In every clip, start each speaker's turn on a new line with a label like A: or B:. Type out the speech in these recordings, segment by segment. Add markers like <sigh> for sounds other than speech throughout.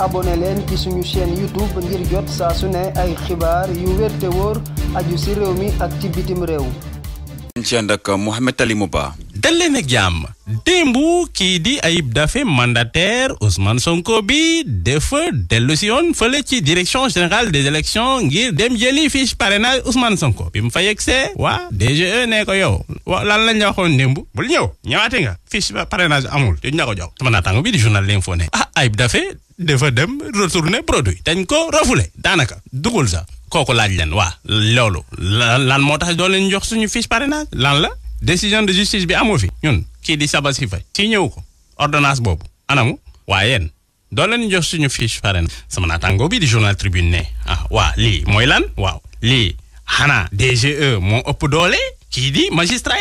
A: abonné leen ci suñu chaîne YouTube ngir jot saa su ne ay xibaar yu wér te aju ci réew mi ak ci bitim réew. ci ànd ak Mouhamed Talibou Ba. dal leen ak jàmm démb kii di Ayib Daffé mandataire Sonko bi dafa dellu si yoon fële ci direction général des élections ngir dem jëli fiche parrainage Ousmane Sonko bi mu fa yegsee waa DGE nee ko yow wa lan lañ la waxoon démb bul ñëw ñëwaate nga fiche parrainage amul te ñu la ko jox sama naataango bi di journal l'info ne ah Ayib Daffé dafa dem retourner produi dañ ko refoulé daanaka dugul sax kooku laaj leen waa loolu lan moo tax doo leen jox suñu fiche parrainage lan la décision de justice bi amoo fi ñun kii di saba si fay ci ñëw ko ordonnance boobu anamu waaye yéen doo jox suñu fiche parrainage sama naataango bi di journal tribune ne ah waa lii mooy lan waaw lii xanaa DGE moo ëpp doole kii di magistrat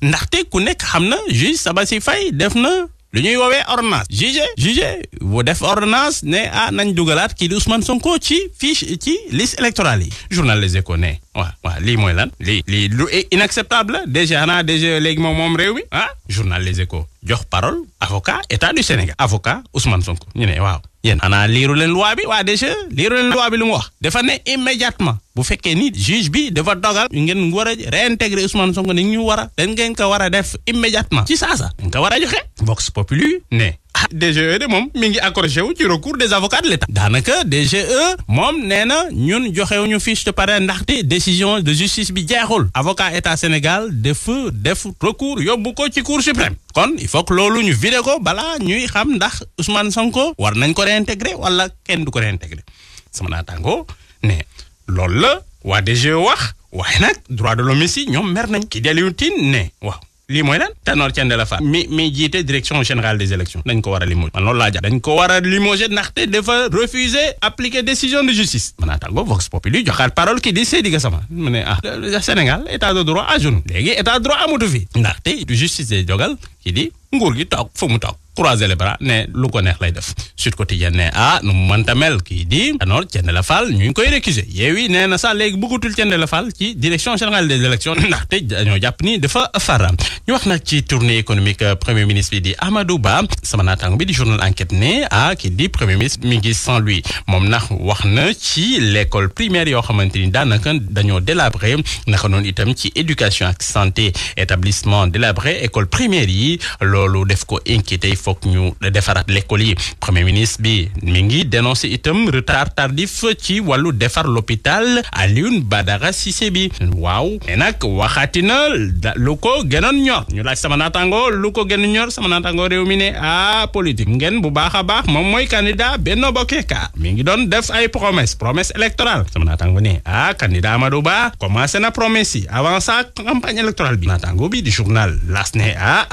A: ndax te ndaxte ku nekk xam na juge saba fay def na lu ñuy woowee ordonnance juge juge bu def ordonnance ne ah nañ dugalaat kii di Ousmane Sonko ci fiche ci liste électorale yi journal Les Échos ne waaw waaw lii mooy lan lii lii lu inacceptable la déjà xanaa déjà léegi moom moom réew mi ah journal Les Échos jox parole avocat état du Sénégal avocat Ousmane Sonko ñu ne waaw yéen xanaa liiru leen loi bi waa déjà liiru leen loi bi lu mu wax defa ne immédiatement bu fekkee ni juge bi dafa dogal ngeen war a réintégrer Ousmane Sonko ni ñu war a dañ ngeen ko war a def immédiatement ci saasa dañ ko war a joxe Vox Populi ne ah DGE de moom mi ngi accroché wu ci recours des avocats de l'État daanaka DGE moom nee na ñun joxewuñu fiche de parrain ndaxte décision de justice bi jeexul avocat état Sénégal def def recours yobbu ko ci cour suprême kon il faut loolu ñu vidé ko balaa ñuy xam ndax Ousmane Sonko war nañ ko réintégrer wala kenn du ko réintégrer sama naataango loolu la waa DG e wax waaye nag droit de l'homme si ñoom mer kii ki Aliou ne waaw lii mooy lan Tanor Thiendella la faat mi mi jiite direction générale des élections dañ ko war a limoger man loolu laa jàpp dañ war a limoger ndaxte dafa refuser appliquer décision de justice man atango Vox Populi joxaat parole kii di Seydi Gassama mu ne ah Sénégal état de droit à genoux léegi état de droit amatu fi ndaxte du justice day jogal kii di nguur gi toog fu mu toog croiser les bras ne lu ko neex lay def Sud Quotidien ne ah nu mu mënta mel kii di alors Thiendella Fall ñu ngi koy récuser Yewwi nee sax léegi bëggatul Thiendella Fall ci direction générale des élections <coughs> ndaxte dañoo jàpp ni dafa fara ñu wax nag ci tournée économique euh, premier ministre di Amadou Ba sama naataango bi di journal enquête ne ah kii di premier ministre mi ngi sans lui moom nag wax na ci l'école primaire yoo xamante ni daanaka dañoo délabré naka noonu itam ci éducation ak santé établissement délabré école primaire foog ñu defaraat l'école yi premier ministre bi mi ngi dénoncé itam retard tardif ci wàllu defar l'hôpital Alioune Badara Cissé bi waaw mais nag waxaati na lu ko ñu laaj sama naataango lu ko gënoon ñor sama naataango réew mi ne ah politique ngeen bu baax a baax moom mooy candidat Benno Bokk Yaakaar mi ngi doon def ay promesse promesse électorale sama naataango ne ah candidat Amadou Ba commencé na promesse yi avant sa campagne électorale bi naataango bi di journal las ne ah,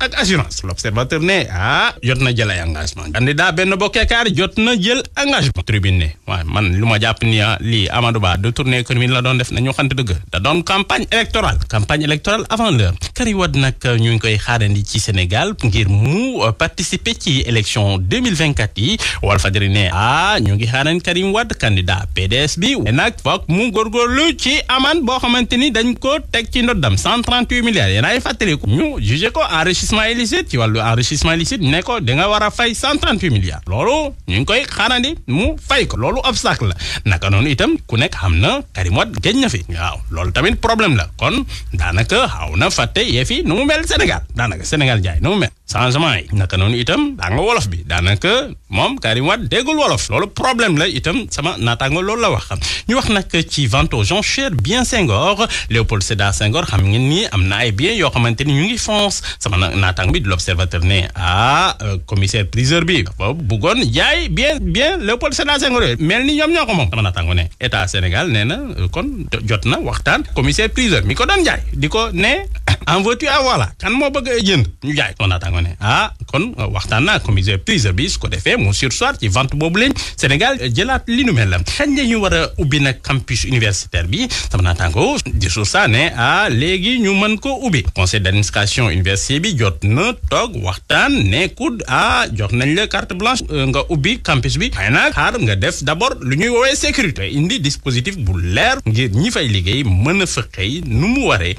A: ak assurance l'observateur ne ah jot na jël ay engagement candidat benn bokk jot na jël engagement tribune ne man lu ma jàpp ni ah, lii Amadou Ba de tournée économique la doon def nañu xant dëgg da doon campagne électorale campagne électorale avant l'heure Karim Wade nag euh, ñu ngi koy xaarandi ci Sénégal ngir mu euh, participer ci élection 2024 yi Walfadjri ne ah ñu ngi xaarandi Karim Wade candidat PDS bi nag foog mu góorgóorlu ci amaan boo xamante ni dañ ko teg ci ndoddam 138 milliards yéen ay ko enrichissement illicite ci wàllu enrichissement illicite ne ko da nga war a fay cent trente huit loolu ñu ngi koy xaarandi mu fay ko loolu obstacle la naka noonu itam ku nekk xam na Karim Wade géñ na fi waaw loolu tamit problème la kon daanaka xaw na fàtte yee fi nu mu mel Sénégal daanaka Sénégal jaay nu mu mel. changement yi naka noonu itam daa nga wolof bi daanaka moom Karim Wade déggul wolof loolu problème la itam sama naataango loolu la wax ñu wax nag ci vente aux enchères bien Senghor Léopold Sédar Senghor xam ngeen ni am na ay biens yoo xamante ni ñu ngi fonce sama naataango bi di l'observateur ne ah euh, commissaire priseur bi buggoon jaay bien bien Léopold Sédar Senghor yooyu mel ni ñoom ñoo ko moom sama naataango ne état Sénégal nee na euh, kon jot na waxtaan commissaire priseur mi ko doon jaay di ko ne en veux-tu voilà kan moo bëgg a jënd ñu jaay ko naataango ne ah kon euh, waxtaan naa commissaire priseur bi su ko defee mu sursoir ci vente boobu lañ Sénégal euh, jëlaat li nu mel la xañ la ñu war a ubbi nag campus universitaire bi sama naataango di suuf saa ne ah, léegi ñu mën ko ubbi conseil d'administration université bi jot na toog waxtaan ne kud ah jot nañ la carte blanche euh, nga ubbi campus bi xay na xaar nga def d'abord lu ñuy woowee sécurité indi dispositif bu leer ngir ñi fay liggéey mën a fa xëy nu mu waree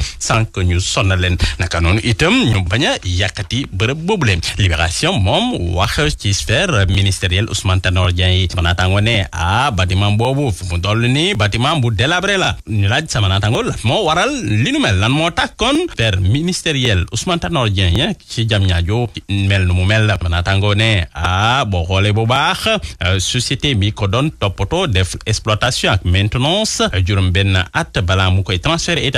A: leen naka noonu itam ñu bañ a yàqati bërëb boobu leen libération moom wax ci sphère ministérielle Ousmane Tanor Dieng yi sama naataango ne ah bâtiment boobu fu mu doll nii bâtiment bu délabré la ñu laaj sama naataango moo waral li nu mel lan moo tax kon sphère ministérielle Ousmane Tanor Dieng yi ci jam ñaajo mel nu mu mel sama naataango ne ah boo xoolee bu baax euh, société bi ko doon toppatoo def exploitation ak maintenance juróom benn at balaa mu koy transférer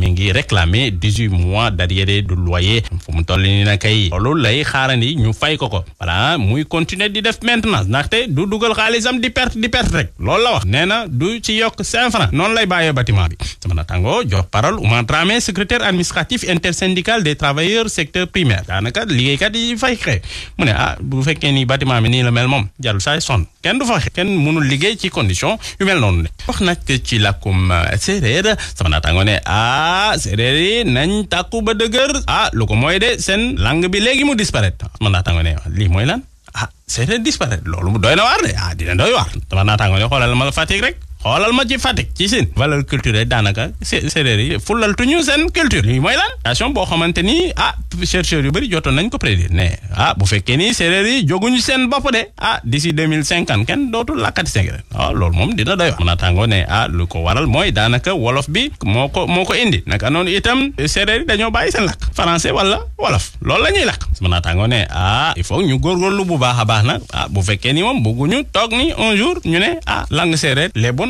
A: mi ngi réclamer dix-huit mois d'arriérés de loyer fu mu toll nii na kay loolu lay xaarandi ñu fay ko ko voilà muy continuer di def maintenance ndaxte du dugal xaalisam di perte di perte rek loolu la wax nee na du ci yokk cinq francs noonu lay bàyyee bâtiment bi sama natango jox parole Oumar Dramé secrétaire administratif intersyndical des travailleurs secteur primaire daanaka liggéeykat yi fay xee mu ne ah bu fekkee ni bâtiment bi nii la mel moom jarul saay ah séeréer yi nañ tàkku ba dëgër ah lu ko mooy de seen langue bi léegi mu disparaître ah, man daa tàngoo ne ah, lii mooy lan ah séeréer disparaître loolu mu doy na waar de ah dina doy waar dama naa tàngoo ne xoolal ma rek xoolal ma ci Fatick ci Sine valeur culturelle daanaka séeréer yi fulaltuñu seen culture lii mooy lan action boo xamante ni ah chercheurs yu bëri jotoon nañ ko prédire ne ah bu fekkee ni séeréer yi joguñu seen bopp de ah d'ici mille cinquante kenn dootul lakkati séeréer ah loolu moom dina doy wax naataango ne ah lu ko waral mooy daanaka wolof bi moo ko moo ko indi naka noonu itam séeréer yi dañoo bàyyi seen lakk français wala wolof loolu la ñuy lakk sama naataango ne ah il faut ñu góorgóorlu bu baax a baax na ah bu fekkee ni moom bëgguñu toog ni un jour ñu ne ah langue séeréer les bonnes